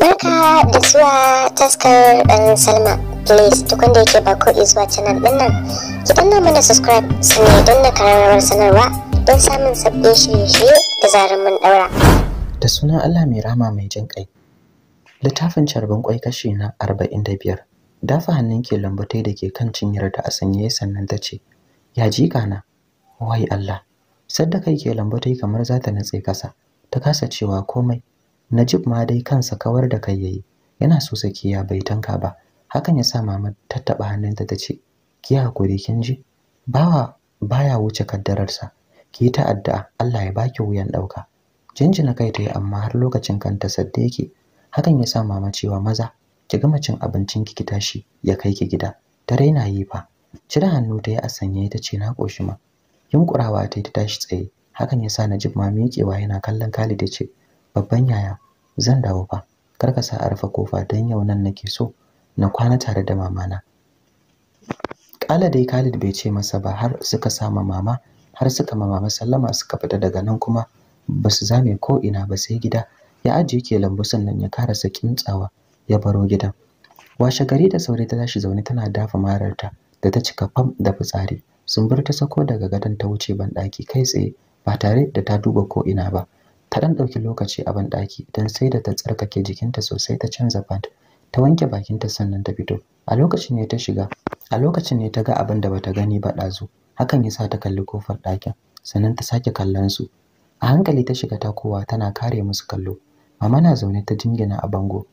Barka da zuwa taskar ɗan Salma. Please duk wanda yake ba ko zuwa canal ɗin nan, ki danna mana subscribe su ne don na kararrawar sanarwa don samun sabbin shirye-shirye da zarar mun ɗaura. Da sunan Allah mai rama mai jin ƙai. Littafin carbin ƙwai kashi na arba'in da biyar. dafa hannun ke lambatai da ke kan cinyar ta a sanye sannan ta ce ya ji na wai Allah sadda ke lambatai kamar za ta natse kasa ta kasa cewa komai Najib ma dai kansa kawar da kai yayi yana so ya bai tanka ba hakan ya sa mama ta taba hannunta ta ce ki hakuri kin ji bawa baya wuce kaddararsa ki ta addu'a Allah ya baki wuyan dauka jinjina kai ta yi amma har lokacin kanta sadde yake hakan ya sa mama cewa maza ki gama cin abincin ki ki tashi ya kai ki gida ta raina yi fa cire hannu ta yi a sanye ta ce na koshi ma yunkurawa ta yi ta tashi tsaye hakan ya sa ji ma miƙewa yana kallon Khalid ya ce babban yaya zan dawo fa kar ka sa a rufe kofa don yau nan nake so na kwana tare da mamana kala dai Khalid bai ce masa ba har suka sama mama har suka ma mama sallama suka fita daga nan kuma Ba su zame ko ina ba sai gida ya ajiye ke lambu sannan ya karasa kintsawa ya baro gidan washe gari da saurayi ta tashi zaune tana dafa mararta da ta cika fam da fitsari bar ta sako daga gadon ta wuce banɗaki kai tsaye ba tare da ta duba ko ina ba ta ɗan ɗauki lokaci a banɗaki don sai da ta tsarkake jikinta sosai ta canza pant ta wanke bakinta sannan ta fito a lokacin ne ta shiga a lokacin ne ta ga abin da bata gani ba ɗazu hakan ya sa ta kalli kofar ɗakin sannan ta sake kallon su a hankali ta shiga ta kowa tana kare musu kallo mama na zaune ta jingina a bango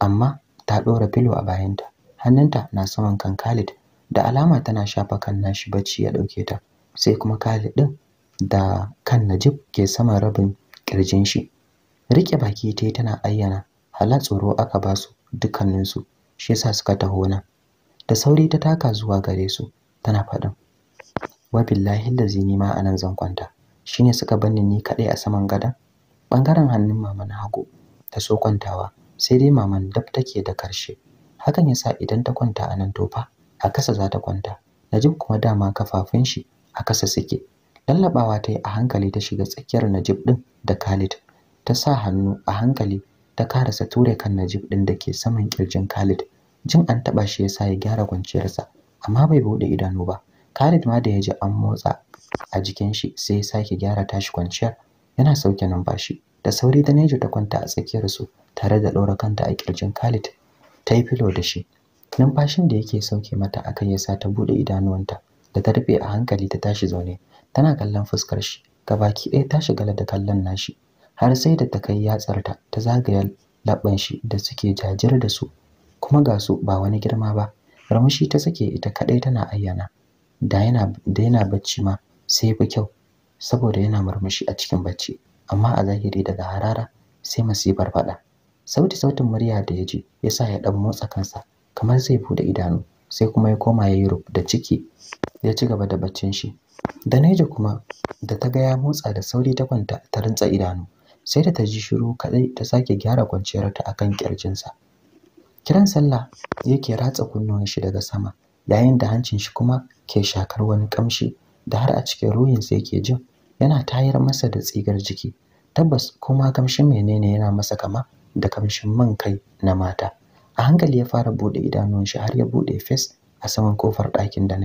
amma ta ɗora filo a bayanta hannunta na saman kan Khalid da alama tana shafa kan nashi bacci ya ɗauke ta sai kuma Khalid ɗin da kan Najib ke saman rabin ƙirjin shi rike baki ta yi tana ayyana hala tsoro aka ba su dukkaninsu shi yasa suka taho na da sauri ta taka zuwa gare su tana faɗin wa billahi da ni ma anan zan kwanta shine suka banni ni kaɗai a saman gadon ɓangaren hannun mama na hagu ta so kwantawa sai dai maman dab take da karshe hakan yasa idan ta kwanta a nan tofa, a kasa za ta kwanta Najib kuma dama kafafun shi a kasa suke lallabawa ta yi a hankali ta shiga tsakiyar Najib din da Khalid ta sa hannu a hankali ta karasa ture kan Najib din da ke saman kirjin Khalid jin an taba shi yasa ya gyara kwanciyarsa amma bai bude idanu ba Khalid ma da ya ji an motsa a jikin shi sai ya sake gyara tashi kwanciyar yana sauke numfashi da sauri ta neje ta kwanta a tsakiyar su tare da ɗora kanta a kirjin Khalid ta yi filo da shi numfashin da yake sauke mata akan ya sa ta bude idanuwanta da ta a hankali ta tashi zaune tana kallon fuskar shi gabaki ɗaya ta shigala da kallon nashi har sai da ta kai yatsarta ta zagaya labban shi da suke jajir da su kuma ga su ba wani girma ba Ramushi ta sake ita kadai tana ayyana da yana da yana bacci ma sai fi kyau saboda yana murmushi a cikin bacci amma a zahiri daga harara sai masifar faɗa sauti sautin murya da ya ji ya sa ya ɗan motsa kansa kamar zai buɗe idanu sai kuma ya koma ya yi da ciki ya ci gaba da baccin shi da kuma da ta ga ya motsa da sauri ta kwanta ta rintsa idanu sai da ta ji shiru kadai ta sake gyara kwanciyar ta akan kirjinsa kiran sallah yake ratsa kunnuwan shi daga sama yayin da hancin shi kuma ke shakar wani kamshi da har a cikin ruhinsa yake jin yana tayar masa da tsigar jiki tabbas kuma kamshin menene yana masa kama da kamshin man kai na mata a hankali ya fara bude idanun shi har ya bude fes a saman kofar ɗakin da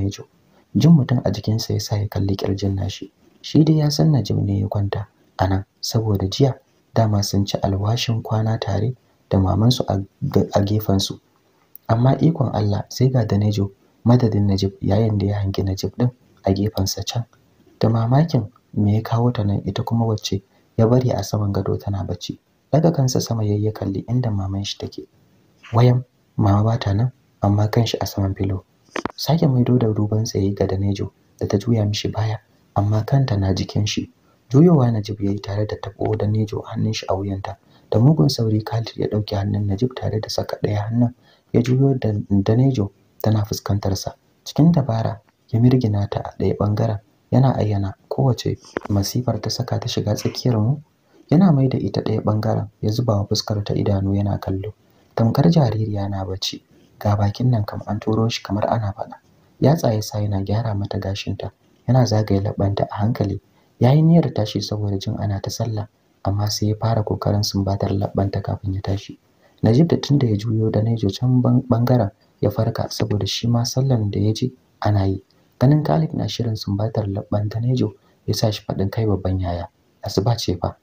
jin mutum a jikinsa ya sa ya kalli kirjin nashi shi dai ya san Najib ne ya kwanta anan saboda jiya dama sun ci alwashin kwana tare da mamansu a su amma ikon Allah sai ga da madadin Najib yayin da ya hangi Najib din a gefensa can da mamakin me ya kawo ta nan ita kuma wacce ya bari a saman gado tana bacci daga kansa sama yayi kalli inda maman shi take wayan mama ba ta nan amma kan shi a saman filo sake maido da ruban tsaye ga danejo da ta juya mishi baya amma kanta na jikin shi juyowa najib yayi tare da tabo danejo hannun shi a wuyanta da mugun sauri Khalid ya dauki hannun Najib tare da saka ɗaya hannun ya juyo da Danejo tana fuskantar sa cikin dabara ya mirgina ta a ɗaya bangaren yana ayyana kowace masifar ta saka ta shiga tsakiyar mu yana mai da ita ɗaya ɓangaren ya zuba wa fuskar ta idanu yana kallo tamkar jaririya na bacci ga bakin nan kam an turo shi kamar ana faɗa ya tsaye sa yana gyara mata gashinta yana zagaye labanta a hankali ya yi niyyar tashi saboda jin ana ta sallah amma sai ya fara kokarin sumbatar labanta kafin ya tashi najib da tunda ya juyo da naijo can bangaren ya farka saboda shi ma sallan da ya ji ana yi ganin Khalid na shirin sumbatar labban Danejo ya sa shi faɗin kai babban yaya asuba ce fa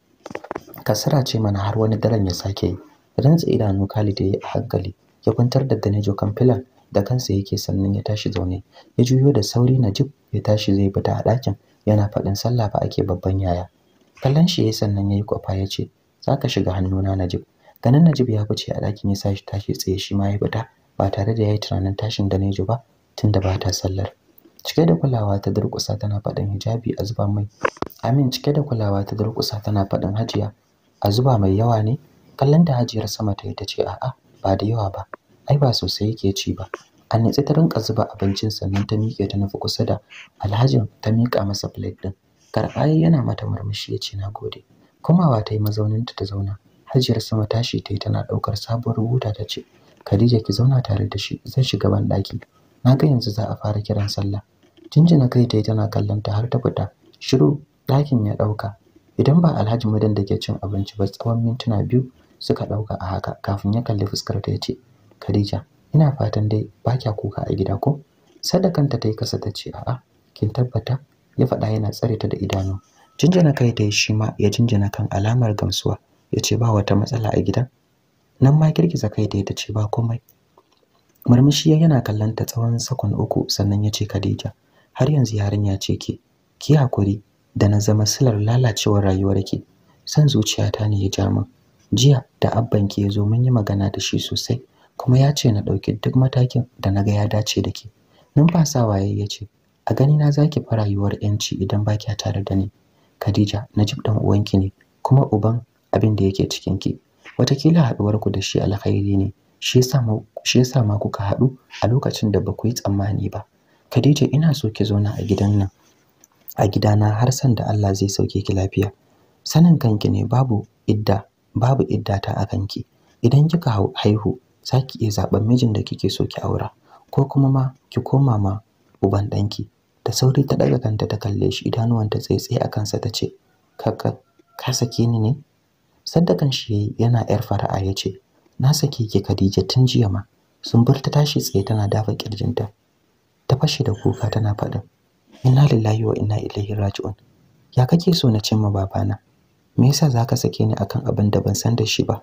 kasara ce mana har wani daren ya sake yi rantsa idanu Khalid ya yi a hankali ya kwantar da Danejo kan filan da kansa yake sannan ya tashi zaune ya juyo da sauri Najib ya tashi zai fita a dakin yana faɗin sallah fa ake babban yaya kallon shi yayi sannan yayi kwafa ya ce zaka shiga hannuna Najib ganin Najib ya fice a ɗakin ya sa shi tashi tsaye shi ma ya fita ba tare da ya yi tunanin tashin Danejo ba tunda ba ta sallar cike da kulawa ta durƙusa tana faɗin hijabi a zuba mai amin cike da kulawa ta durƙusa tana faɗin hajiya a zuba mai yawa ne kallon da hajiyar sama ta yi ta ce a'a ba da yawa ba ai ba sosai yake ci ba a nitsi ta rinka zuba abincin sannan ta miƙe ta nufi kusa da alhajin ta miƙa masa plate ɗin karɓaye yana mata murmushi ya ce na gode komawa ta yi mazauninta ta zauna hajiyar sama tashi ta yi tana ɗaukar sabuwar buta ta ce khadija ki zauna tare da shi zan shiga ban ɗaki na ga yanzu za a fara kiran sallah jinjina kai ta yi tana kallon ta har ta fita shiru ɗakin ya ɗauka idan ba alhaji madan da ke cin abinci ba tsawon mintuna biyu suka ɗauka a haka kafin ya kalli fuskar ta ya ce khadija ina fatan dai ba kya kuka a gida ko sadakanta ta yi kasa ta ce a'a kin tabbata ya faɗa yana tsare ta da idanu jinjina kai ta shi ma ya jinjina kan alamar gamsuwa ya ce ba wata matsala a gidan nan ma girgiza kai da ta ce ba komai murmushi yana kallon ta tsawon sakon uku sannan ya ce Khadija har yanzu yarinya ce ke ki hakuri da na zama silar lalacewar rayuwar rayuwarki san zuciyata ne ya ja min jiya da abban ki yazo mun yi magana da shi sosai kuma ya ce na ɗauki duk matakin da na ga ya dace da ke numfasawa waye ya ce a gani na zaki fi rayuwar yanci idan ba kya tare da ni Khadija na Najib dan uwanki ne kuma uban abin da yake cikin ki watakila haduwar ku da shi alkhairi ne shi yasa shi yasa ma kuka haɗu a lokacin da ba ku yi tsammani ba Khadija ina so ki zauna a gidan nan a gidana har san da Allah zai sauke ki lafiya sanin kanki ne babu idda babu iddata a kanki idan kika haihu zaki iya zaben mijin da kike so ki aura ko kuma ma ki koma ma uban danki da sauri ta daga kanta ta kalle shi idanuwanta tsaitsaye a kansa ta ce kaka ka sake ni ne saddakan shi yayi yana yar fara'a ya ce na sake ki Khadija tun jiya ma sun bar ta tashi tsaye tana dafa kirjinta ta fashe da kuka tana faɗin inna lillahi wa inna ilaihi raji'un ya kake so na cimma babana me yasa zaka sake ni akan abin da ban san da shi ba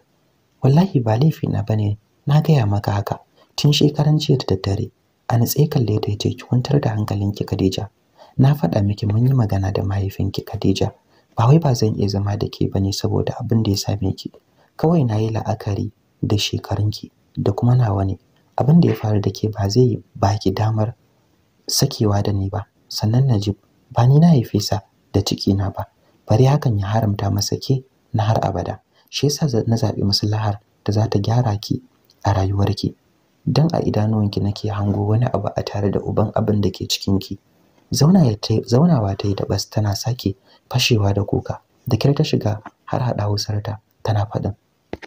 wallahi ba laifi na bane na gaya maka haka tun shekaran jiya da daddare a natse kalle ta yace ki kwantar da hankalinki Khadija na faɗa miki mun yi magana da mahaifinki Khadija ba wai ba zan iya zama da ke bane saboda abin da ya same ki kawai na yi la'akari da shekarunki da kuma nawa ne abin da ya faru da ke ba zai baki damar sakewa da ni ba sannan Najib ba ni na haife sa da ciki na ba bari hakan ya haramta masa ke na har abada shi yasa na zabi maslahar da za ta gyara ki a rayuwarki dan a idanuwanki nake hango wani abu a tare da uban abin da ke cikin ki zaunawa ta yi da bas tana sake fashewa da kuka da kyar ta shiga har hada hausarta tana faɗin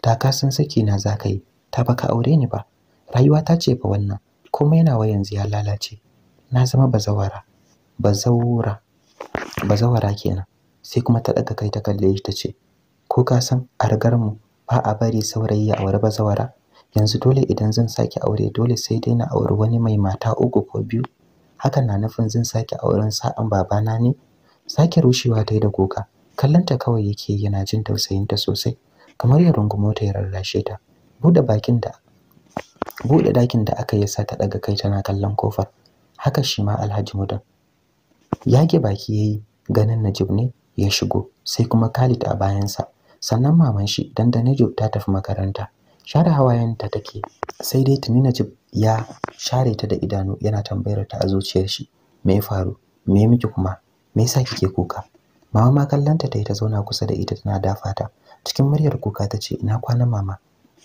ta kasan saki na za ka yi ta baka aure ni ba rayuwa ta ce fa wannan komai nawa yanzu ya lalace na zama bazawara bazawura bazawara kenan sai kuma ta daga kai ta kalle shi tace ko ka san a mu ba a bari saurayi ya aure bazawara yanzu dole idan zan sake aure dole sai dai na auri wani mai mata uku ko biyu Haka na nufin zan sake auren sa'an babana ne sake rushewa ta da kuka kallanta kawai yake yana jin tausayinta sosai kamar ya rungumo ta ya rarrashe ta buɗe bakin da bude dakin da aka yasa sa ta daga kai tana kallon kofar haka shi ma Alhaji Mudan yage baki yayi ganin Najib ne ya shigo sai kuma Khalid a bayansa sannan maman shi dan da Najib ta tafi makaranta share hawayenta ta take sai dai tuni Najib ya share ta da idanu yana tambayar ta a zuciyar shi me ya faru me ya miki kuma me yasa kike kuka mama ma kallanta ta yi ta zauna kusa da ita tana dafa ta cikin muryar kuka ta ce ina kwana mama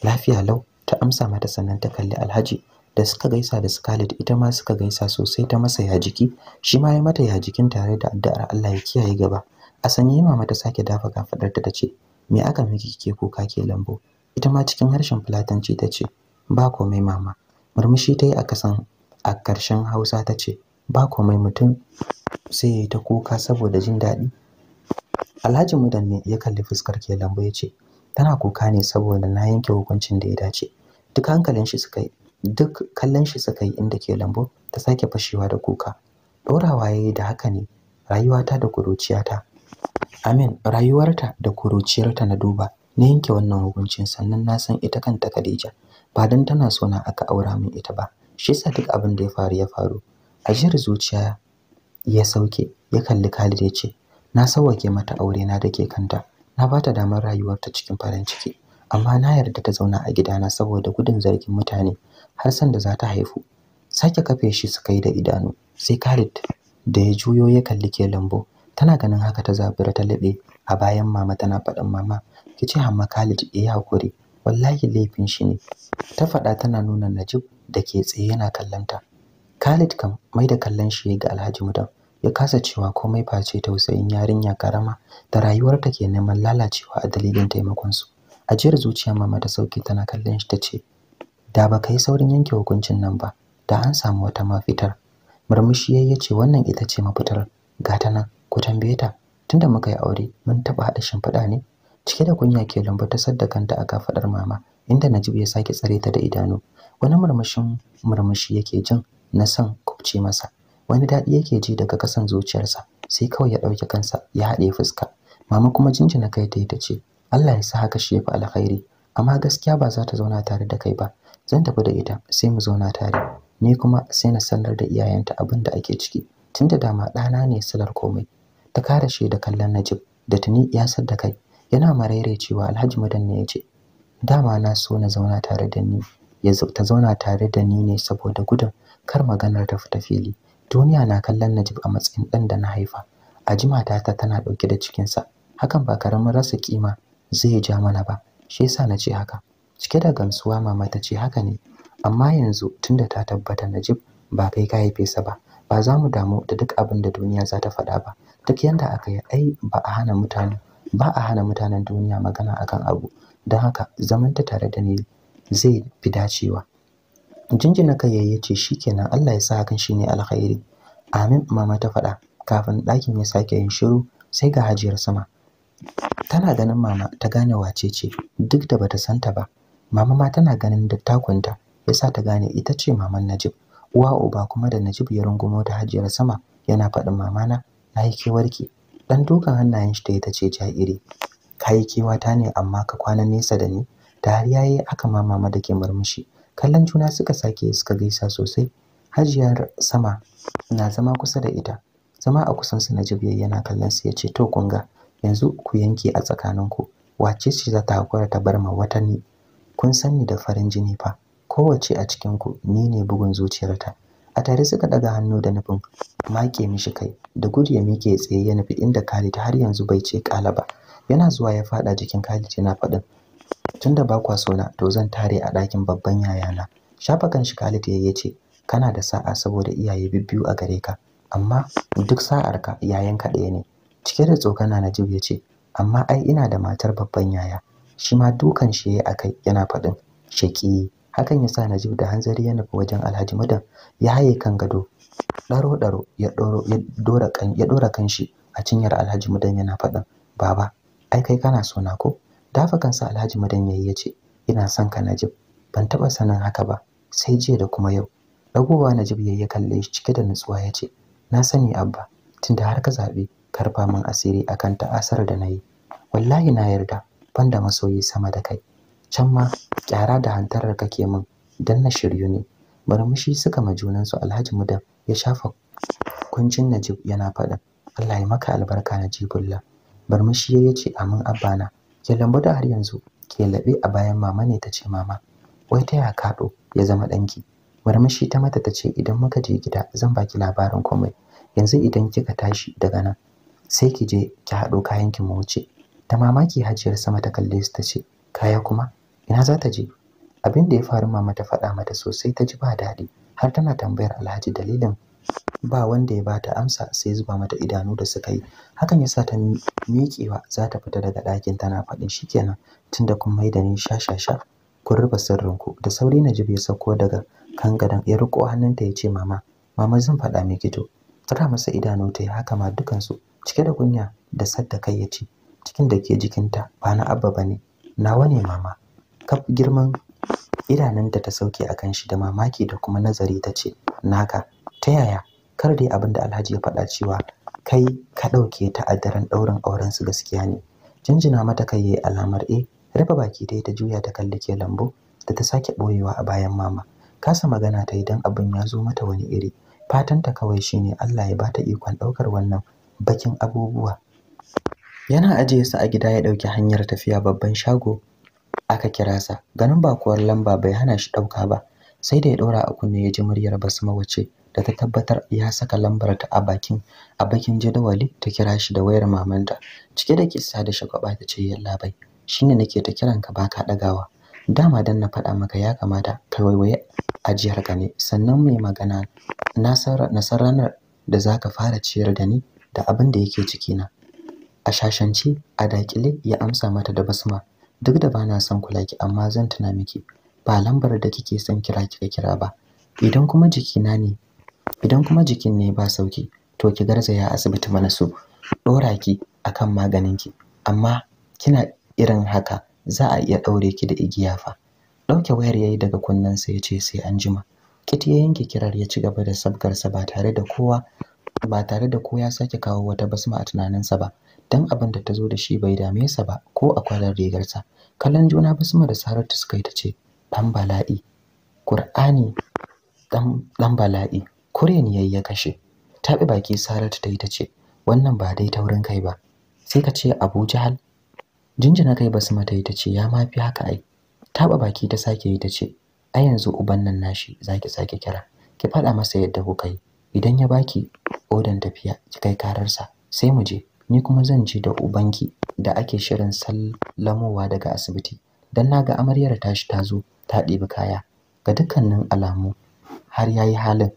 lafiya lau ta amsa mata sannan ta kalli Alhaji da suka gaisa da Scarlett ita ma suka gaisa sosai ta masa ya jiki shi ma ya mata ya jikin tare da addu'ar Allah ya kiyaye gaba a sanye mama ta sake dafa kafadar ta tace me aka miki kike kuka ke lambo ita ma cikin harshen fulatanci ce, ba komai mama murmushi ta yi a kasan a karshen Hausa ta ce, ba komai mutum sai ya yi ta kuka saboda jin daɗi Alhaji Mudanne ya kalli fuskar ke lambo ya ce tana kuka ne saboda na yanke hukuncin da ya dace duk hankalin shi suka yi. duk kallon shi suka yi inda ke lambu ta sake fashewa da kuka ɗorawa ya da haka ne rayuwata da kuruciyata amin rayuwarta da kuruciyarta na duba na yanke wannan hukuncin sannan na san ita kanta Khadija ba don tana so na aka aura min ita ba shi sa duk abin da ya faru ya faru A jihar zuciya ya sauke ya kalli Khalid ya ce na sauwake mata aure na da ke kanta na ba ta damar rayuwarta cikin farin ciki amma na yarda ta zauna a gidana saboda gudun zargin mutane har san da za ta haifu sake kafe shi suka yi da idanu sai Khalid da ya juyo ya kalli ke lambo tana ganin haka ta zabura ta lade a bayan mama tana faɗin mama ki ce hamma Khalid ya hakuri wallahi laifin shi ne ta faɗa tana nuna Najib da ke tsaye yana kallonta Khalid kam mai da kallon shi ga Alhaji Mudan ya kasa cewa komai face tausayin yarinya karama da rayuwarta ke neman lalacewa a dalilin taimakon su ajiyar zuciya mama ta sauke tana kallon shi ce. da ba ka yi saurin yanke hukuncin nan ba da an samu wata mafitar murmushi yayi yace wannan ita ce mafitar ga ta nan ku tambaye ta tunda muka yi aure mun taba hada shimfiɗa ne cike da kunya ke lumbu ta sadda kanta a kafadar mama inda Najib ya sake tsare ta da idanu wani murmushin murmushi yake jin na san kubce masa wani daɗi yake ji daga kasan zuciyarsa sai kawai ya ɗauke kansa ya haɗe fuska mama kuma jinjina kai ta yi ta ce Allah ya sa haka shi ya fi alkhairi amma gaskiya ba za ta zauna tare da kai ba zan tafi da ita sai mu zauna tare ni kuma sai na sanar da iyayenta abin da ake ciki tunda dama ɗana ne salar komai ta kare shi da kallon Najib da tuni ya da kai yana maraire cewa Alhaji Madan ne ya ce dama na so na zauna tare da ni ya ta zauna tare da ni ne saboda gudun kar maganar ta fita fili duniya na kallon Najib a matsayin ɗan da na haifa a jimata ta tana ɗauke da cikinsa hakan ba karamin rasa kima zai ja mana ba shi yasa na ce haka cike da gamsuwa mama ta ce haka ne amma yanzu tunda ta tabbata najib ba kai ka haife sa ba ba za mu damu da duk abin da duniya za ta faɗa ba duk yanda aka yi ai ba a hana mutane ba a hana mutanen duniya magana akan abu don haka zaman ta tare da ni zai fi dacewa jinjina kai yayi ce shikenan Allah ya sa hakan shine alkhairi amin mama ta faɗa kafin ɗakin ya sake yin shiru sai ga hajiyar sama tana ganin mama ta gane wace ce duk da bata santa ba mama ma tana ganin dattakunta yasa ta gane ita ce maman Najib uwa uba kuma da Najib ya rungumo da Hajiyar sama yana faɗin mamana nayi kewarki dan dukan hannayen shi da ita ce jairi kai kewata ne amma ka kwana nesa da ni Da har yayi aka ma mama da ke murmushi kallon juna suka sake suka gaisa sosai Hajiyar sama na zama kusa da ita zama a kusan su Najib yana kallon su ce to kunga yanzu ku yanke a tsakaninku wace ce za ta hakura ta bar ma wata kun san ni da farin jini fa kowace a cikin ku ni ne bugun zuciyarta a tare suka daga hannu da nufin make mishi kai da gudu ya mike tsaye ya nufi inda Khalid har yanzu bai ce kala ba yana zuwa ya fada jikin Khalid yana faɗin tunda ba kwa sona to zan tare a ɗakin babban yayana shafa kan shi Khalid ya ce kana da sa'a saboda iyaye bibbiyu a gare ka amma duk sa'ar sa'arka yayanka ɗaya ne cike da tsokana na ya ce amma ai ina da matar babban yaya shi ma dukan shi yayi akai yana faɗin shaki hakan yasa Najib da hanzari ya nufi wajen Alhaji Madan ya haye kan gado daro daro ya doro ya dora kan ya dora kan shi a cinyar Alhaji Madan yana faɗin baba ai kai kana so na ko dafa kansa Alhaji Madan yayi yace ina son ka Najib ban taba sanin haka ba sai jiya da kuma yau dagowa Najib yayi ya kalle shi cike da nutsuwa yace na sani abba tunda har ka zabe karfa min asiri akan ta'asar da nayi wallahi na yarda banda masoyi sama da kai can ma kyara da hantar hantarar kake min dan na shiryu ne murmushi suka ma junansu alhaji mudan ya shafa kuncin najib yana faɗin allah ya maka albarka najibullah murmushi ya ce amin abana? ke lambu da har yanzu ke laɓe a bayan mama ne tace mama wai ta ya kaɗo ya zama ɗanki murmushi ta mata ta ce idan muka je gida zan baki labarin komai yanzu idan kika tashi daga nan sai ki je ki haɗo kayan ki mu wuce da mamaki hajiyar sama ta kalle su ta ce kaya kuma ina za ta je abin da ya faru mama ta faɗa mata sosai ta ji ba daɗi har tana tambayar alhaji dalilin ba wanda ya bata amsa sai zuba mata idanu da suka yi hakan ya sa ta miƙewa za ta fita daga ɗakin tana faɗin shi kenan, tunda kun mai da ni sha kun rufe sirrinku da sauri na jibi ya sauko daga kan gadon ya riko hannunta ya ce mama mama zan faɗa miki to tara masa idanu ta yi haka ma dukansu cike da kunya da sadda kai ya ce cikin da ke jikinta ba na abba ba ne nawa ne mama kaf girman idanunta ta sauke a kan shi da mamaki da kuma nazari ta ce naka ta yaya kar dai abin da alhaji ya faɗa cewa kai ka ɗauke ta a daren ɗaurin auren su gaskiya ne jinjina mata kai yayi alamar e rufe baki dai ta juya ta kalli ke lambu da ta sake ɓoyewa a bayan mama kasa magana ta idan abin ya zo mata wani iri fatanta kawai shine Allah ya bata ikon ɗaukar wannan bakin abubuwa yana ajiye su a gida ya ɗauki hanyar tafiya babban shago aka kira sa ganin ba kuwar lamba bai hana shi ɗauka ba sai da ya ɗora a kunne ya ji muryar basma wace da ta tabbatar ya saka lambar ta a bakin a bakin jadawali ta kira shi da wayar mamanta cike da kissa da shagwaba ta ce yalla bai shine nake ta kiran ka baka ɗagawa dama dan na faɗa maka ya kamata ka waiwaye ajiyar ka ne sannan mai magana na san ranar da zaka fara ciyar da ni da abin da yake cikina a shashance a dakile ya amsa mata da basma duk da bana son kula ki amma zan tuna miki ba lambar da kike son kira kika kira ba idan kuma na ne idan kuma jikin ne ba sauki to ki garzaya asibiti mana su dora ki akan maganin ki amma kina irin haka za a iya daure ki da igiya fa dauke wayar yayi daga kunnen sa yace sai an jima kit ya yanke kirar ya ci gaba da sabgarsa ba tare da kowa ba tare da ko ya sake kawo wata basma a tunaninsa ba dan abin da ta zo da shi bai dame sa ba ko a kwalar sa. kallon juna ba basma da saratu suka yi ta ce dan bala'i qur'ani dan dan bala'i kuren yayi ya kashe bi baki saratu ta yi ta ce wannan ba dai taurin kai ba sai ka ce abu jahal jinjina kai basma ta yi ta ce ya mafi haka ai taɓa baki ta sake yi ta ce a yanzu uban nan nashi zaki sake kira ki faɗa masa yadda kuka yi idan ya baki odan tafiya ki kai kararsa sai mu je ni kuma zan je da ubanki da ake shirin sallamowa daga asibiti dan ga amaryar tashi ta zo ta ɗebi kaya ga dukkanin alamu har yayi halin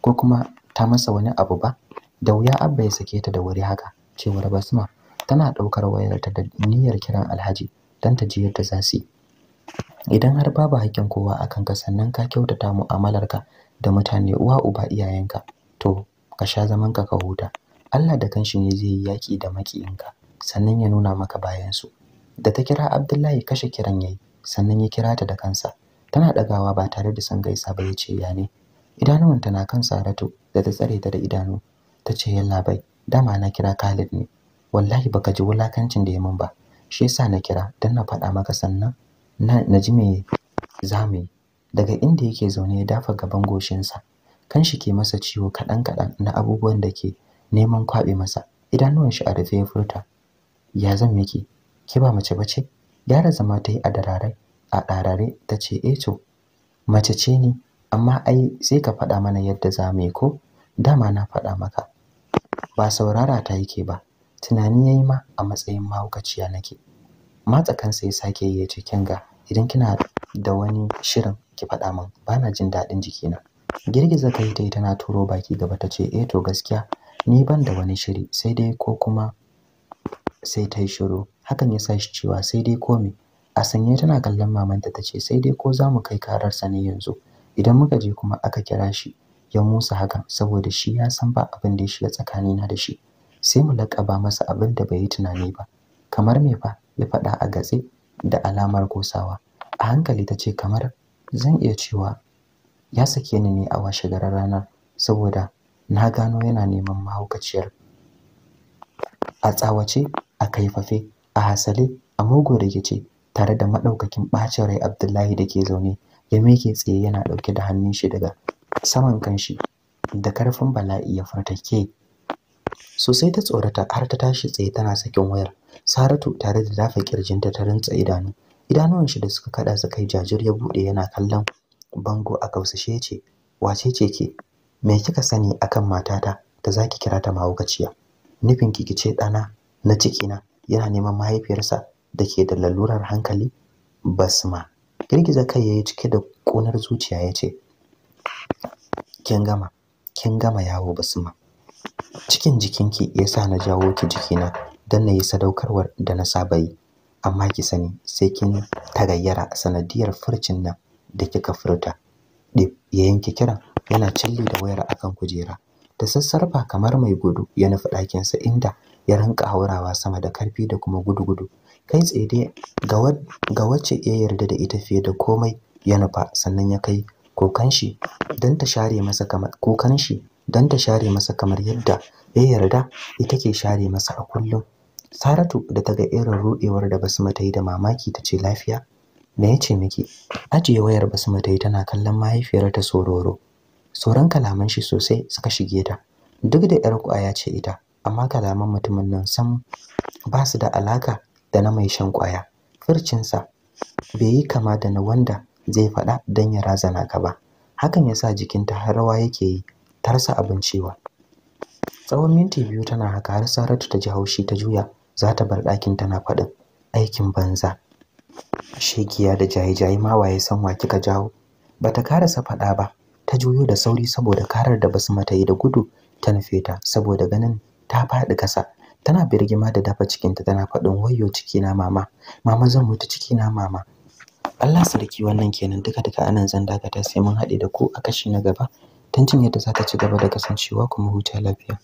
ko kuma ta masa wani abu ba da wuya abba ya sake ta da wuri haka cewar basma tana ɗaukar wayarta da niyyar kiran alhaji dan ta ji yadda za su idan har babu hakkin kowa a kanka sannan ka kyautata mu'amalarka da mutane uwa uba iyayenka to ka sha zamanka ka huta Allah da kanshi ne zai yi yaƙi da maƙiyinka sannan ya nuna maka bayansu da ta kira Abdullahi kashe kiran yayi sannan ya kira ta da kansa tana ɗagawa ba tare da san gaisa ba ya ce ya ne idanuwanta na kan Saratu da ta tsare ta da idanu ta ce yalla bai dama na kira Khalid ne wallahi baka ji wulakancin da ya min ba shi yasa na kira dan na faɗa maka sannan na ji me zamu yi daga inda yake zaune ya dafa gaban goshinsa kanshi ke masa ciwo kaɗan kaɗan na abubuwan da ke neman kwaɓe masa idanuwan shi a rufe ya furta ya zan miki ki ba mace bace gyara zama ta yi a darare a ɗarare ta ce eh to mace ce ni amma ai sai ka faɗa mana yadda za mu yi ko dama na faɗa maka ba saurara ta yake ba tunani yi ma a matsayin mahaukaciya nake matsa kansa ya sake yi ya ce kinga idan kina da wani shirin ki faɗa min bana jin daɗin jikina girgiza kai yi tana turo baki gaba ta ce eh to gaskiya Ni ban da wani shiri sai dai ko kuma sai ta yi shiru. Hakan ya sa shi cewa sai dai ko me. A sanye tana kallon mamanta ta ce sai dai ko za mu kai kararsa ne yanzu. Idan muka je kuma aka kira shi ya musa hakan saboda shi ya san ba abin da ya shiga tsakanina da shi. Sai mu laƙaba masa abin da bai yi tunani ba. Kamar me fa ya faɗa a gatse da alamar kosawa. A hankali ta ce kamar zan iya cewa ya sake ni ne a washe garin ranar saboda na gano yana neman mahaukaciyar a tsawace a kaifafe a hasale a mugun rikici tare da madaukakin bacin rai Abdullahi da ke zaune ya meke tsaye yana dauke da hannun shi daga saman kanshi da karfin bala'i ya furta sosai ta tsorata har ta tashi tsaye tana sakin wayar Saratu tare da dafa kirjinta ta rintsa idanu idanuwan shi da suka kada su kai jajir ya bude yana kallon bango a kausashe ce wace ce ke me kika sani akan matata da zaki kira ta mahaukaciya nufin ki ce ɗana na cikina yana neman mahaifiyarsa da ke da lalurar hankali basma girgiza kai yayi cike da ƙunar zuciya ya ce kin gama kin gama yawo basma cikin jikinki ya sa na jawo ki jikina don na yi sadaukarwar da na saba yi amma ki sani sai kin tagayyara sanadiyar furcin nan da kika furta ya yanke kiran yana cilli da wayar akan kujera da sassarfa kamar mai gudu ya nufi ɗakinsa inda ya rinka haurawa sama da karfi da kuma gudu-gudu kai tsaye dai ga wacce ya yarda da ita fiye da komai ya nufa sannan ya kai kokan shi don ta share masa kamar kokan shi don ta share masa kamar yadda ya yarda ita ke share masa a kullum Saratu da ta ga irin ruɗewar da basu ta yi da mamaki ta ce lafiya me ce miki ajiye wayar Basma ta tana kallon mahaifiyar ta sororo tsoron kalaman shi sosai suka shige ta duk da yar kwaya ce ita amma kalaman mutumin nan sam ba su da alaka da na mai shan kwaya furcinsa bai yi kama da na wanda zai faɗa don ya razana ka ba hakan yasa sa jikinta har rawa yake yi tarsa abincewa tsawon minti biyu tana haka har saratu ta ji haushi ta juya za ta bar ɗakin tana faɗin aikin banza shegiya da jaye-jaye ma waye san wa kika jawo bata karasa faɗa ba ta juyo da sauri saboda karar da basu mata yi da gudu ta nufe ta saboda ganin ta faɗi ƙasa tana birgima da dafa cikinta tana faɗin ciki na mama mama zan mutu ciki na mama Allah sarki wannan kenan duka duka anan zan dakata sai mun haɗe da ku a kashi na gaba Tan yadda za ta ci gaba da kasancewa kuma huta lafiya